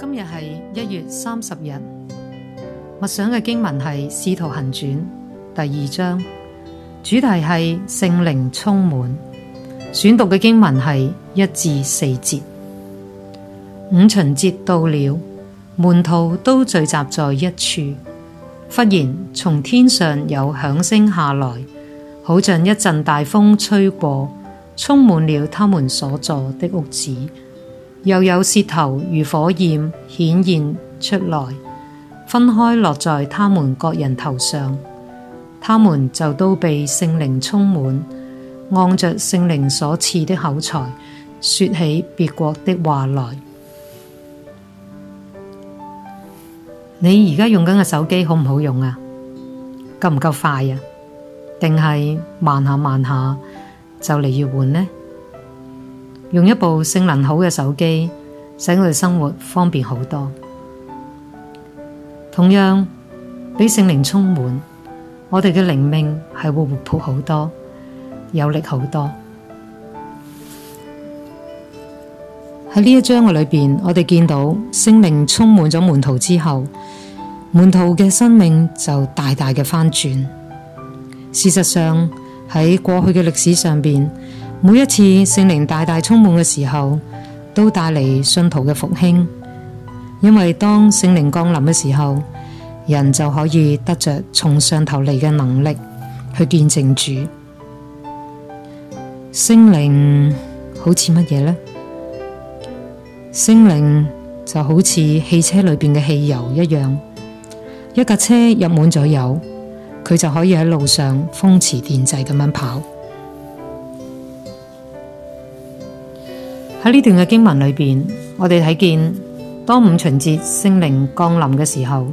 今日係一月三十日，默想嘅經文係《使徒行傳》第二章，主題係聖靈充滿。選讀嘅經文係一至四節。五旬節到了，門徒都聚集在一處。忽然從天上有響聲下來，好像一陣大風吹過，充滿了他們所坐的屋子。又有舌頭如火焰顯現出來，分開落在他們各人頭上，他們就都被聖靈充滿，按着聖靈所賜的口才，說起別國的話來。你而家用緊嘅手機好唔好用啊？夠唔夠快啊？定係慢下慢下就嚟要換呢？用一部性能好嘅手機，使我哋生活方便好多。同樣，俾聖靈充滿，我哋嘅靈命係會活潑好多，有力好多。喺呢一章嘅裏面，我哋見到聖靈充滿咗門徒之後，門徒嘅生命就大大嘅翻轉。事實上，喺過去嘅歷史上面，每一次聖靈大大充滿嘅時候，都帶嚟信徒嘅復興。因為當聖靈降臨嘅時候，人就可以得着從上頭嚟嘅能力去見證主。聖靈好似乜嘢呢？聖靈就好似汽車裏面嘅汽油一樣，一架車入滿咗油，佢就可以喺路上風馳電掣咁樣跑。喺呢段嘅經文裏面，我哋睇見當五旬節聖靈降臨嘅時候，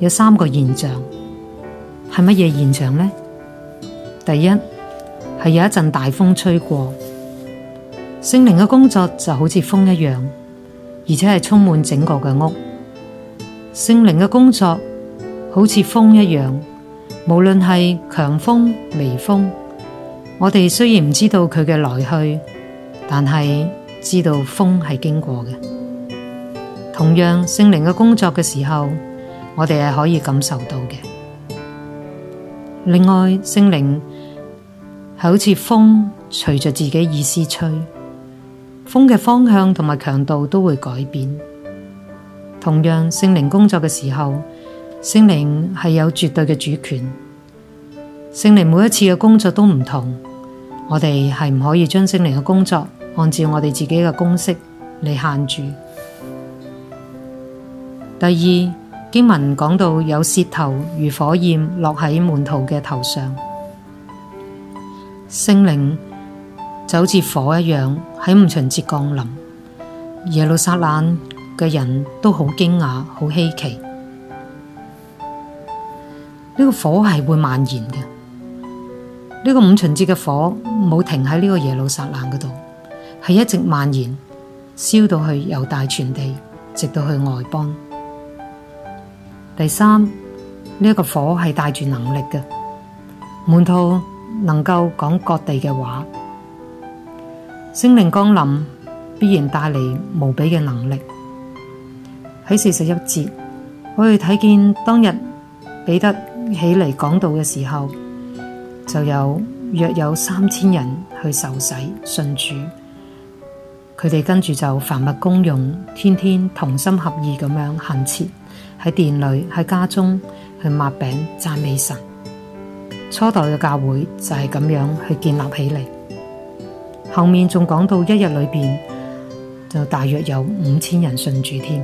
有三個現象，係乜嘢現象呢？第一，係有一陣大風吹過，聖靈嘅工作就好似風一樣，而且係充滿整個嘅屋。聖靈嘅工作好似風一樣，無論係強風、微風，我哋雖然唔知道佢嘅來去，但係，知道風係經過嘅，同樣聖靈嘅工作嘅時候，我哋係可以感受到嘅。另外，聖靈係好似風，隨着自己意思吹，風嘅方向同埋強度都會改變。同樣，聖靈工作嘅時候，聖靈係有絕對嘅主權。聖靈每一次嘅工作都唔同，我哋係唔可以將聖靈嘅工作。按照我哋自己嘅公式嚟限住。第二，經文講到有舌頭如火焰落喺門徒嘅頭上，聖靈就好似火一樣喺五旬節降臨。耶路撒冷嘅人都好驚訝，好稀奇。呢個火係會蔓延嘅，呢個五旬節嘅火冇停喺呢個耶路撒冷嗰度。係一直蔓延，燒到去猶大全地，直到去外邦。第三呢一、這個火係帶住能力嘅，門徒能夠講各地嘅話。聖靈降臨，必然帶嚟無比嘅能力。喺四十一節，我哋睇見當日彼得起嚟講道嘅時候，就有約有三千人去受洗信主。佢哋跟住就凡物公用，天天同心合意咁樣恆切，喺殿裏喺家中去擘餅讚美神。初代嘅教會就係咁樣去建立起嚟。後面仲講到一日裏面，就大約有五千人信主添。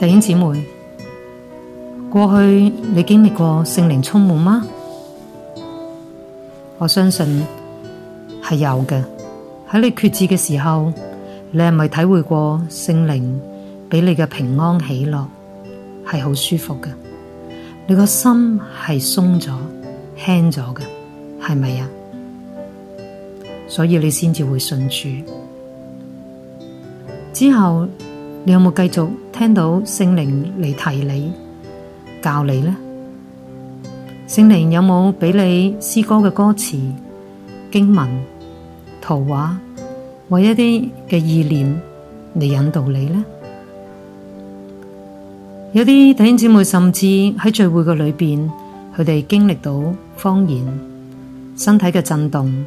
弟兄姊妹，過去你經歷過聖靈充滿嗎？我相信。係有嘅，喺你決志嘅時候，你係咪體會過聖靈俾你嘅平安喜樂係好舒服嘅？你個心係鬆咗、輕咗嘅，係咪啊？所以你先至會信主。之後你有冇繼續聽到聖靈嚟提你、教你呢？聖靈有冇俾你詩歌嘅歌詞、經文？圖畫，或一啲嘅意念嚟引導你呢？有啲弟兄姊妹甚至喺聚會嘅裏面，佢哋經歷到方言、身體嘅震動、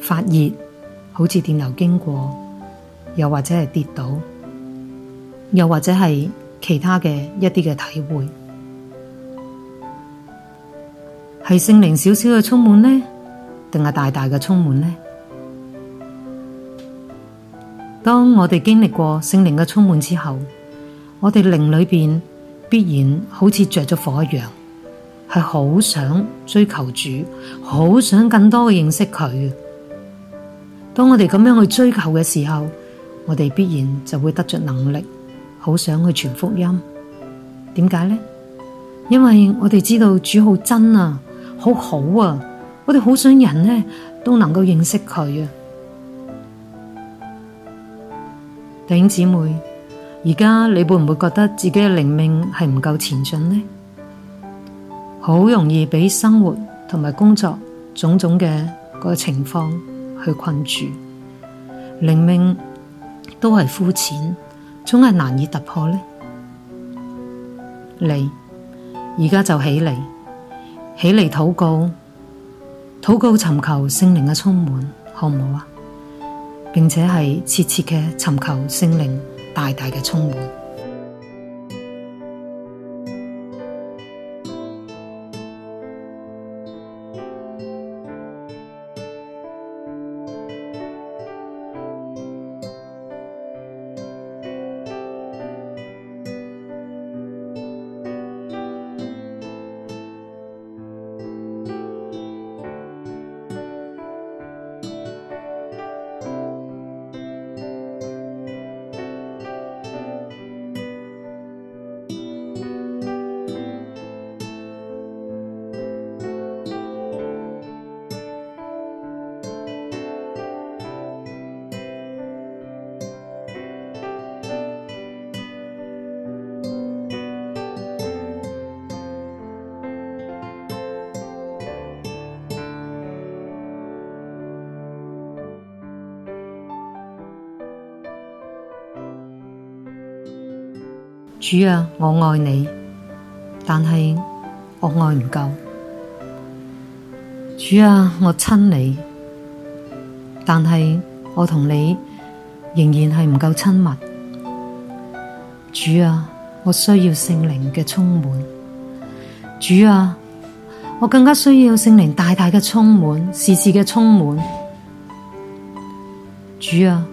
發熱，好似電流經過，又或者係跌倒，又或者係其他嘅一啲嘅體會，係聖靈少少嘅充滿呢？定係大大嘅充滿呢？當我哋經歷過聖靈嘅充滿之後，我哋靈裏邊必然好似着咗火一樣，係好想追求主，好想更多嘅認識佢。當我哋咁樣去追求嘅時候，我哋必然就會得着能力，好想去傳福音。點解呢？因為我哋知道主好真啊，好好啊，我哋好想人呢，都能夠認識佢啊。弟兄姊妹，而家你會唔會覺得自己嘅靈命係唔夠前進呢？好容易俾生活同埋工作種種嘅個情況去困住，靈命都係膚淺，終係難以突破呢？你而家就起嚟，起嚟禱告，禱告尋求聖靈嘅充滿，好唔好啊？並且係切切嘅尋求聖靈，大大嘅充滿。主啊，我愛你，但係我愛唔夠。主啊，我親你，但係我同你仍然係唔夠親密。主啊，我需要聖靈嘅充滿。主啊，我更加需要聖靈大大嘅充滿，時時嘅充滿。主啊，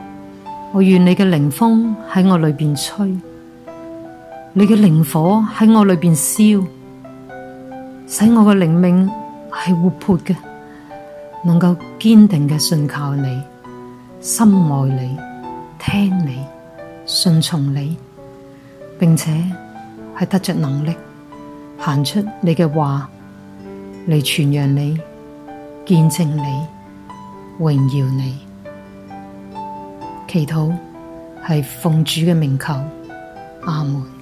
我願你嘅靈風喺我裏面吹。你嘅靈火喺我裏邊燒，使我嘅靈命係活潑嘅，能夠堅定嘅信靠你，深愛你，聽你，順從你，並且係得着能力行出你嘅話嚟傳揚你，見證你，榮耀你。祈禱係奉主嘅名求，阿門。